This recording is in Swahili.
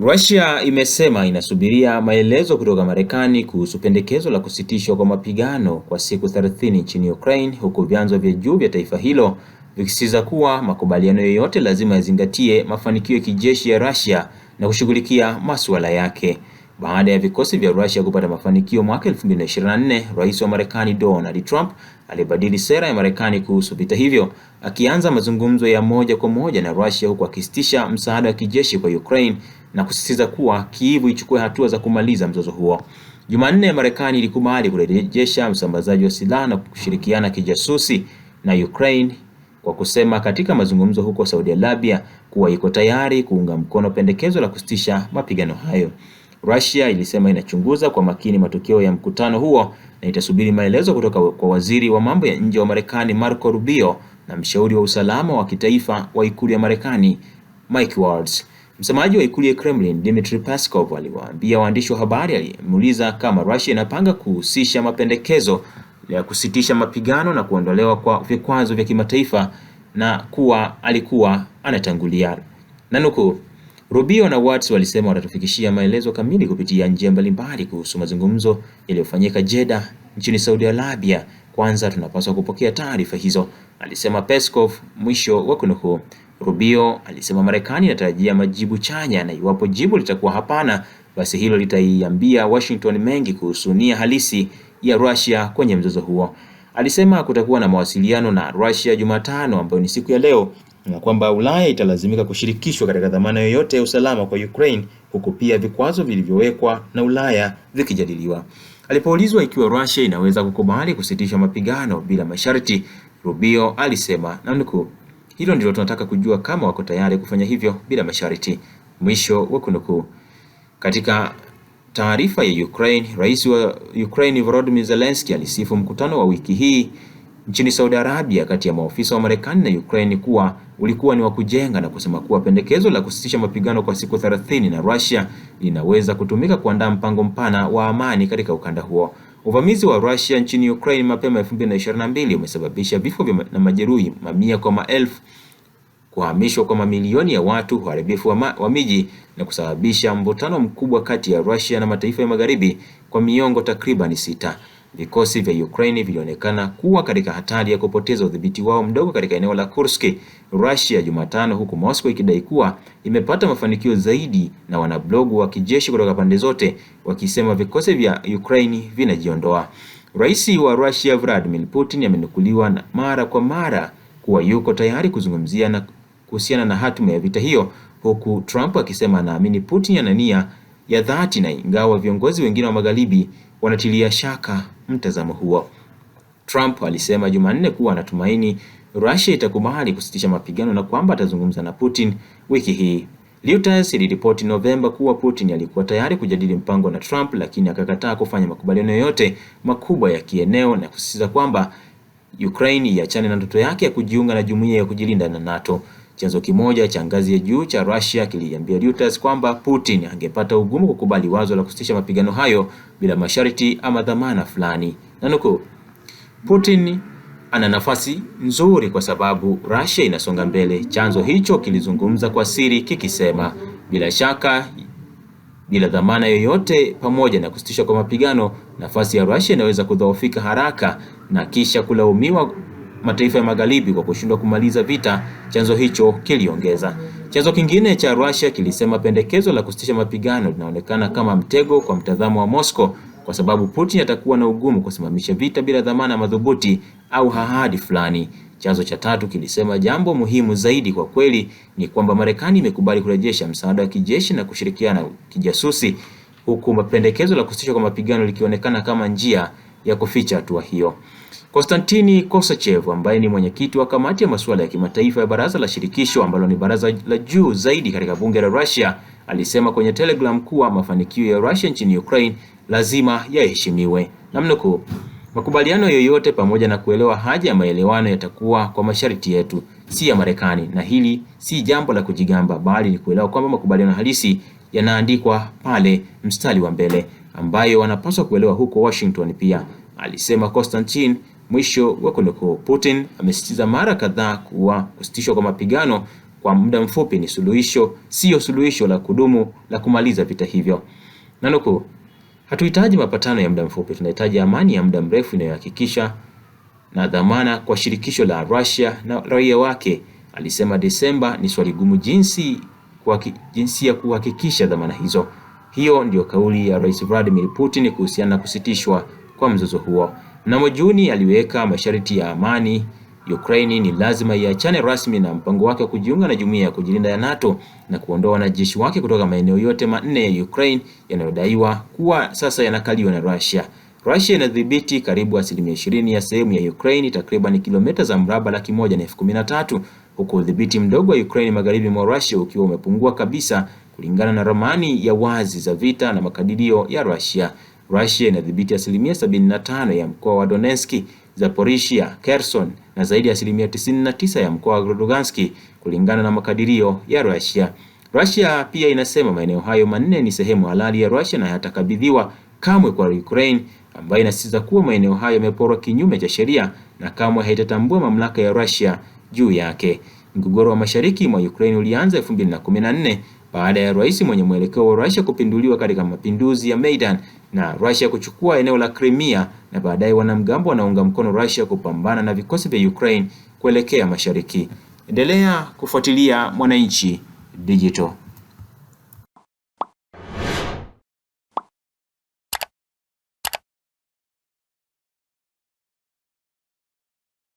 Russia imesema inasubiria maelezo kutoka Marekani kuhusu pendekezo la kusitishwa kwa mapigano kwa siku 30 nchini Ukraine, huku vyanzo vya juu vya taifa hilo vikisisitiza kuwa makubaliano yoyote lazima yazingatie mafanikio ya kijeshi ya Russia na kushughulikia masuala yake. Baada ya vikosi vya Russia kupata mafanikio mwaka 2024, Rais wa Marekani Donald Trump alibadili sera ya Marekani kuhusu vita hivyo, akianza mazungumzo ya moja kwa moja na Russia huku akisitisha msaada wa kijeshi kwa Ukraine na kusisitiza kuwa Kiev ichukue hatua za kumaliza mzozo huo. Jumanne, Marekani ilikubali kurejesha msambazaji wa silaha na kushirikiana kijasusi na Ukraine kwa kusema katika mazungumzo huko Saudi Arabia kuwa iko tayari kuunga mkono pendekezo la kusitisha mapigano hayo. Russia ilisema inachunguza kwa makini matokeo ya mkutano huo na itasubiri maelezo kutoka kwa waziri wa mambo ya nje wa Marekani Marco Rubio na mshauri wa usalama wa kitaifa wa ikulu ya Marekani Mike Waltz. Msemaji wa ikulu ya Kremlin, Dmitry Peskov, aliwaambia waandishi wa habari aliyemuuliza kama Russia inapanga kuhusisha mapendekezo ya kusitisha mapigano na kuondolewa kwa vikwazo vya kimataifa na kuwa alikuwa anatangulia. Nanuku, Rubio na Watts walisema watatufikishia maelezo kamili kupitia njia mbalimbali kuhusu mazungumzo yaliyofanyika Jeddah nchini Saudi Arabia. Kwanza tunapaswa kupokea taarifa hizo, alisema Peskov, mwisho wa kunukuu. Rubio alisema Marekani inatarajia majibu chanya na iwapo jibu litakuwa hapana, basi hilo litaiambia Washington mengi kuhusu nia halisi ya Russia kwenye mzozo huo. Alisema kutakuwa na mawasiliano na Russia Jumatano ambayo ni siku ya leo na kwamba Ulaya italazimika kushirikishwa katika dhamana yoyote ya usalama kwa Ukraine huku pia vikwazo vilivyowekwa na Ulaya vikijadiliwa. Alipoulizwa ikiwa Russia inaweza kukubali kusitisha mapigano bila masharti, Rubio alisema na nukuu hilo ndilo tunataka kujua kama wako tayari kufanya hivyo bila masharti. Mwisho wa kunukuu. Katika taarifa ya Ukraine, Rais wa Ukraine Volodymyr Zelensky alisifu mkutano wa wiki hii nchini Saudi Arabia kati ya maofisa wa Marekani na Ukraine kuwa ulikuwa ni wa kujenga na kusema kuwa pendekezo la kusitisha mapigano kwa siku 30 na Russia linaweza kutumika kuandaa mpango mpana wa amani katika ukanda huo. Uvamizi wa Russia nchini Ukraine mapema 2022 umesababisha vifo na majeruhi mamia kwa maelfu, kuhamishwa kwa mamilioni ya watu, uharibifu wa, wa miji na kusababisha mvutano mkubwa kati ya Russia na mataifa ya Magharibi kwa miongo takriban sita. Vikosi vya Ukraine vilionekana kuwa katika hatari ya kupoteza udhibiti wao mdogo katika eneo la Kursk, Russia Jumatano, huku Moscow ikidai kuwa imepata mafanikio zaidi, na wanablogu wa kijeshi kutoka pande zote wakisema vikosi vya Ukraine vinajiondoa. Rais wa Russia Vladimir Putin amenukuliwa na mara kwa mara kuwa yuko tayari kuzungumzia na kuhusiana na hatima ya vita hiyo, huku Trump akisema anaamini Putin ana nia ya dhati na ingawa viongozi wengine wa magharibi wanatilia shaka mtazamo huo. Trump alisema Jumanne kuwa anatumaini Russia itakubali kusitisha mapigano na kwamba atazungumza na Putin wiki hii. Reuters iliripoti Novemba kuwa Putin alikuwa tayari kujadili mpango na Trump lakini akakataa kufanya makubaliano yoyote makubwa ya kieneo na kusisitiza kwamba Ukraine iachane na ndoto yake ya kujiunga na jumuiya ya kujilinda na NATO. Chanzo kimoja cha ngazi ya juu cha Russia kiliambia Reuters kwamba Putin angepata ugumu kukubali wazo la kusitisha mapigano hayo bila masharti ama dhamana fulani. Nanukuu, Putin ana nafasi nzuri kwa sababu Russia inasonga mbele. Chanzo hicho kilizungumza kwa siri kikisema, bila shaka, bila dhamana yoyote, pamoja na kusitisha kwa mapigano, nafasi ya Russia inaweza kudhoofika haraka na kisha kulaumiwa mataifa ya magharibi kwa kushindwa kumaliza vita, chanzo hicho kiliongeza. Chanzo kingine cha Russia kilisema pendekezo la kusitisha mapigano linaonekana kama mtego kwa mtazamo wa Moscow kwa sababu Putin atakuwa na ugumu kusimamisha vita bila dhamana madhubuti au ahadi fulani. Chanzo cha tatu kilisema jambo muhimu zaidi kwa kweli ni kwamba Marekani imekubali kurejesha msaada wa kijeshi na kushirikiana kijasusi, huku mapendekezo la kusitishwa kwa mapigano likionekana kama njia ya kuficha hatua hiyo. Konstantini Kosachev ambaye ni mwenyekiti wa kamati ya masuala ya kimataifa ya baraza la shirikisho ambalo ni baraza la juu zaidi katika bunge la Russia alisema kwenye Telegram kuwa mafanikio ya Russia nchini Ukraine lazima yaheshimiwe. Namnukuu, makubaliano yoyote pamoja na kuelewa haja ya maelewano yatakuwa kwa masharti yetu, si ya Marekani, na hili si jambo la kujigamba, bali ni kuelewa kwamba makubaliano halisi yanaandikwa pale mstari wa mbele, ambayo wanapaswa kuelewa huko Washington pia alisema Konstantin. Mwisho wa kunukuu. Putin amesisitiza mara kadhaa kuwa kusitishwa kwa mapigano kwa muda mfupi ni suluhisho, siyo suluhisho la kudumu la kumaliza vita hivyo. Nanukuu, hatuhitaji mapatano ya muda mfupi, tunahitaji amani ya muda mrefu inayohakikisha na dhamana kwa shirikisho la Russia na raia wake, alisema. Desemba ni swali gumu, jinsi, kwa jinsi ya kuhakikisha dhamana hizo. Hiyo ndiyo kauli ya Rais Vladimir Putin kuhusiana na kusitishwa kwa mzozo huo. Mnamo Juni aliweka masharti ya amani. Ukraine ni lazima iachane rasmi na mpango wake wa kujiunga na jumuiya ya kujilinda ya NATO na kuondoa wanajeshi wake kutoka maeneo yote manne ya Ukraine yanayodaiwa kuwa sasa yanakaliwa na Russia. Russia inadhibiti karibu asilimia 20 ya sehemu ya Ukraine, takriban kilomita za mraba laki moja na elfu kumi na tatu huku udhibiti mdogo wa Ukraine magharibi mwa Russia ukiwa umepungua kabisa kulingana na ramani ya wazi za vita na makadirio ya Russia. Russia inadhibiti asilimia 75 ya mkoa wa Donetsk, Zaporizhia, Kherson na zaidi ya asilimia 99 ya mkoa wa Lugansk kulingana na makadirio ya Russia. Russia pia inasema maeneo hayo manne ni sehemu halali ya Russia na hayatakabidhiwa kamwe kwa Ukraine, ambayo inasisitiza kuwa maeneo hayo yameporwa kinyume cha sheria na kamwe haitatambua mamlaka ya Russia juu yake. Mgogoro wa mashariki mwa Ukraine ulianza 2014 baada ya rais mwenye mwelekeo wa Russia kupinduliwa katika mapinduzi ya Maidan na Russia kuchukua eneo la Crimea na baadaye wanamgambo wanaunga mkono Russia kupambana na vikosi vya Ukraine kuelekea mashariki. Endelea kufuatilia Mwananchi Digital.